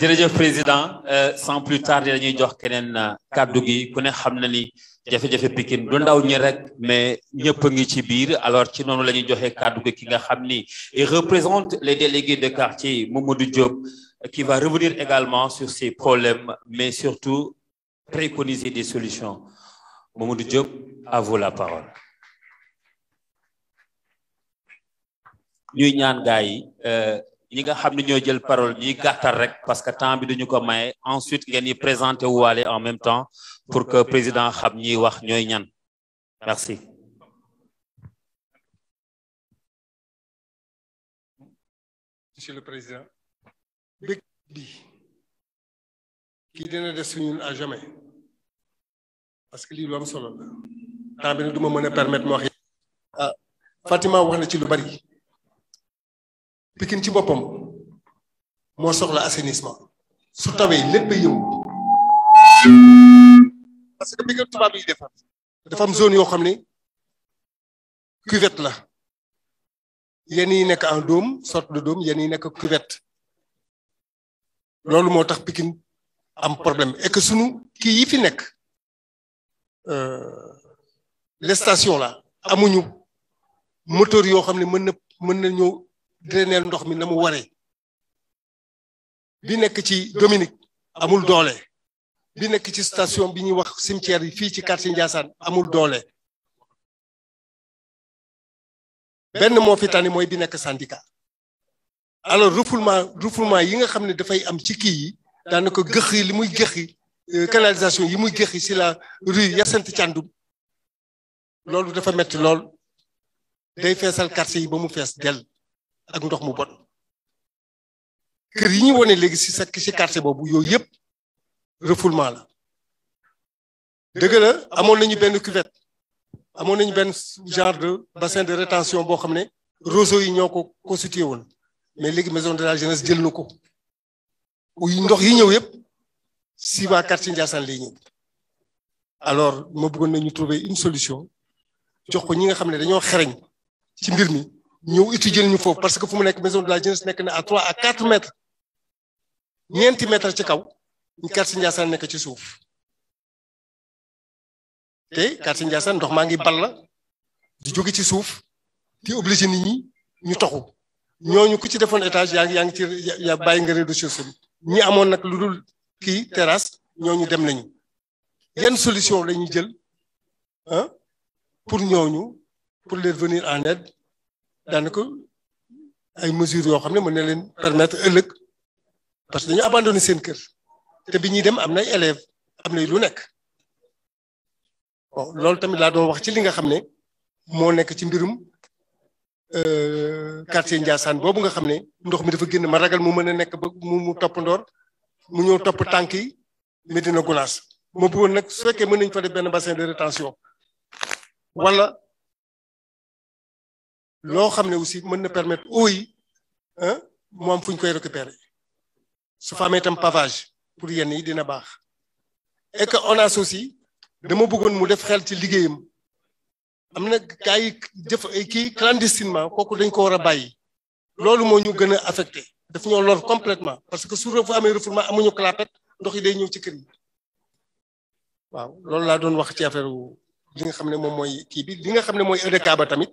jërëjëf président euh, sans plus tarder dañuy jox keneen euh, kàddu gi ku ne xam na ni jafe-jafe Pikine du ndaw ñi rek mais ñëpp a ngi ci biir alors ci noonu la ñuy joxe de gi ki nga xam ni il représente les délégués de quartier Mamadou Diop qui va revenir également sur ces problèmes mais surtout préconiser des solutions Mamadou Diop à vous la parole. ñuy ñaan gars euh, ñi nga xam ñoo jël parole ñuy gàttal rek parce que temps bi duñu ko maye ensuite ngeen ñi présenté aller en même temps pour que président xam wax merci monsieur le président bi dina des à jamais parce que lii lu am temps bi du ma permettre ah, Fatima wax na ci lu bari Pikine ci boppam moo soxla assainissement su tawee lépp a parce que tubaab yi defar zone yoo xam cuvette la yenn yi en dôme sorte de dôme yenn yi nekk cuvette loolu moo am problème et que sunu kii yi fi euh, les stations là amuñu moteur yoo xam ne mën na drainer ndox mi na mu waree bi nekk ci Dominique amul doole bi nekk ci station bi ñuy wax cimetière yi fii ci quartier Ndiassane amul doole benn moo fi mooy bi nekk syndicat alors refoulement refoulement yi nga xam ne dafay am ci kii yi daanaka gëx yi li muy gëxi euh, canalisation yi muy gëxi si la rue Hyacinthe Thiandoum loolu dafa metti lool day feesal quartier yi ba mu fees dell ak ndox mu bon kër yi ñu wane léegi si sa si quartier boobu yooyu yëpp refoulement la dëgg la amoon nañu benn cuvette amoon nañu benn genre de bassin de rétention boo xam ne roseaux yi ñoo ko constitué woon mais léegi maison de la jeunesse jël na ko ndox yi ñëw yëpp si waa quartier Ndiassane lay ñëw alors ma bëggoon nañu trouver une solution jox ko ñi nga xam ne dañoo xereñ ci mbir mi nous étudions ñu fofu parce que nous mu maison de la jeunesse à na à 3 à 4 mètres ñenti mètres ci kaw nek ci souf té Nous ndox ma ngi balla di jóge ci souf di obligé nit ñi ñu taxu ñoñu ku ci étage ci de ñi nak ki terrasse ñoñu dem nañu un. solution ah, pour pour les venir en aide daanaka ay mesures yoo xam ne mën na leen permettre ëllëg parce que dañu abandonné seen kër te bi ñuy dem am na élèves am nay lu nekk bon loolu tamit laa doon wax ci li nga xam ne moo nekk ci mbirum euh, quartier Ndiassane boobu nga xam ne ndox mi dafa génn ma ragal mu mën a nekk ba mu mu topp ndoor mu ñëw topp tànk yi Médina Gounass ma bëggoon nag su mën nañu fa def benn bassin de rétention wala loo xam ne aussi mën na permettre eau yi ah am fu koy récupérer su fa amee tam pavage pour yenn yi dina baax et que ONAS aussi dama bëggoon mu def xel ci liggéeyam am na gaa yi jëf kii clandestinement kooku dañ ko war a bàyyi loolu moo ñu gën a affecté daf ñoo lor complètement parce que su refu amee refoulement amuñu clapet ndox yi day ñëw ci kër yi waaw loolu laa doon wax ci affaire li nga xam ne moom mooy kii bi li nga xam ne mooy EDK ba tamit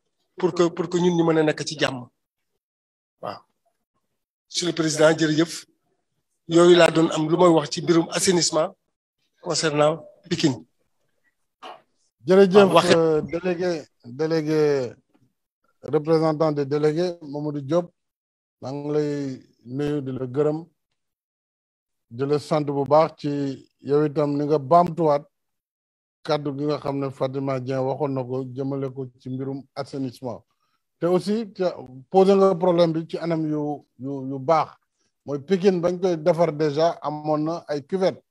pour que pour que ñun ñu mëna a ci jamm waaw monsieur le président jërëjëf yooyu laa doon am lu may wax ci mbirum assainissement concernant pikin jërëjëf euh, délégué délégué représentant de délégué Mamadou Diop maa ngi lay nuyu di la gërëm di la sant bu baax ci yow itam ni nga baamtuwaat kaddu gi nga xam ne Fatima Dieng waxoon na ko jëmale ko ci mbirum assainissement te aussi posé nga problème bi ci anam yu yu yu baax mooy Pikine bañ koy defar déjà amoon na ay cuvette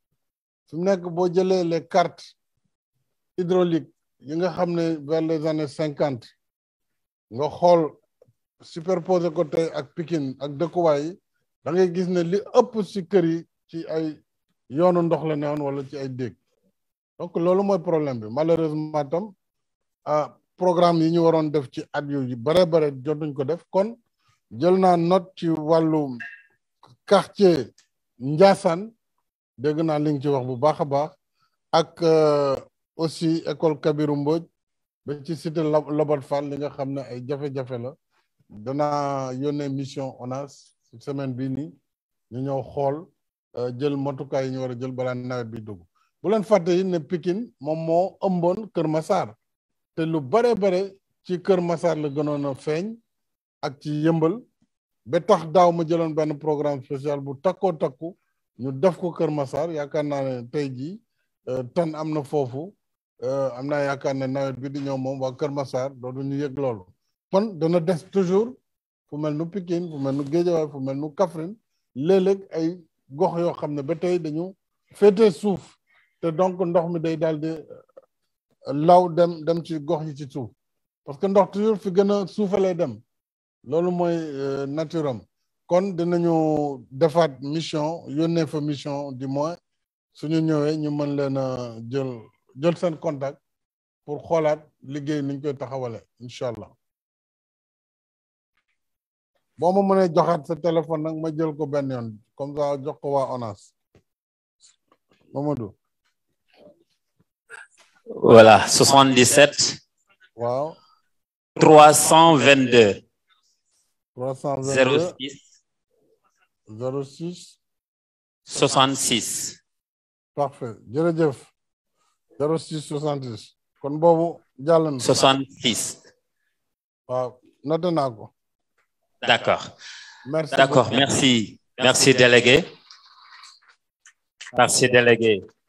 fi mu nekk boo jëlee les cartes hydrauliques yi nga xam ne vers les années cinquante nga xool superposé ko tey ak Pikine ak dëkkuwaay yi da ngay gis ne li ëpp si kër yi ci ay yoonu ndox la newoon wala ci ay déeg donc loolu mooy problème bi malheureusement tam ah, programme yi ñu waroon def ci at yu bare bare jotuñ ko def kon jël naa note ci wàllu quartier Ndiassane dégg naa li nga ci wax bu baax a baax ak euh, aussi école Kabiru Mbodj ba ci cité Lobat Fall li nga xam ay jafe-jafe la danaa yónnee mission ONAS semaine bi nii ñu ñëw xool euh, jël motukaay yi ñu war a jël balaa nawet bi dugg bu leen fàtte yi ne pikin moom moo ëmboon Kër masaar te lu bare bare ci Kër Massar la gënoon feeñ ak ci yëmbal ba tax daaw ma jëloon benn programme spécial bu takkoo takku ñu def ko Kër masaar yaakaar naa ne tey jii euh, tan am na foofu euh, am na yaakaar ne nawet bi di ñëw moom waa Kër Massar dootu ñu yëg loolu kon dana des toujours fu mel nu pikin fu mel nu Géejawaay fu mel nu Kaffrine léeg-léeg ay gox yoo xam ne ba tey dañu féete suuf te donc ndox mi day daal di euh, law dem dem ci gox yi ci suuf parce que ndox toujours fi gën a suufalee dem loolu mooy euh, nature am kon dinañu defaat mission yónnee fa mission du moins suñu ñëwee ñu mën leen a jël jël seen contact pour xoolaat liggéey niñ koy taxawale incha allah boo ma mënee joxaat sa téléphone nag ma jël ko benn yoon kom ça jox ko waa ONAS Mamadou Voilà, 77. Wow. 322. 322. 06. 06. 66. Parfait. Jërëjëf. 06 70. Kon jallan. 66. Waaw, noté D'accord. Merci. D'accord, merci. Merci, délégué. Merci, délégué.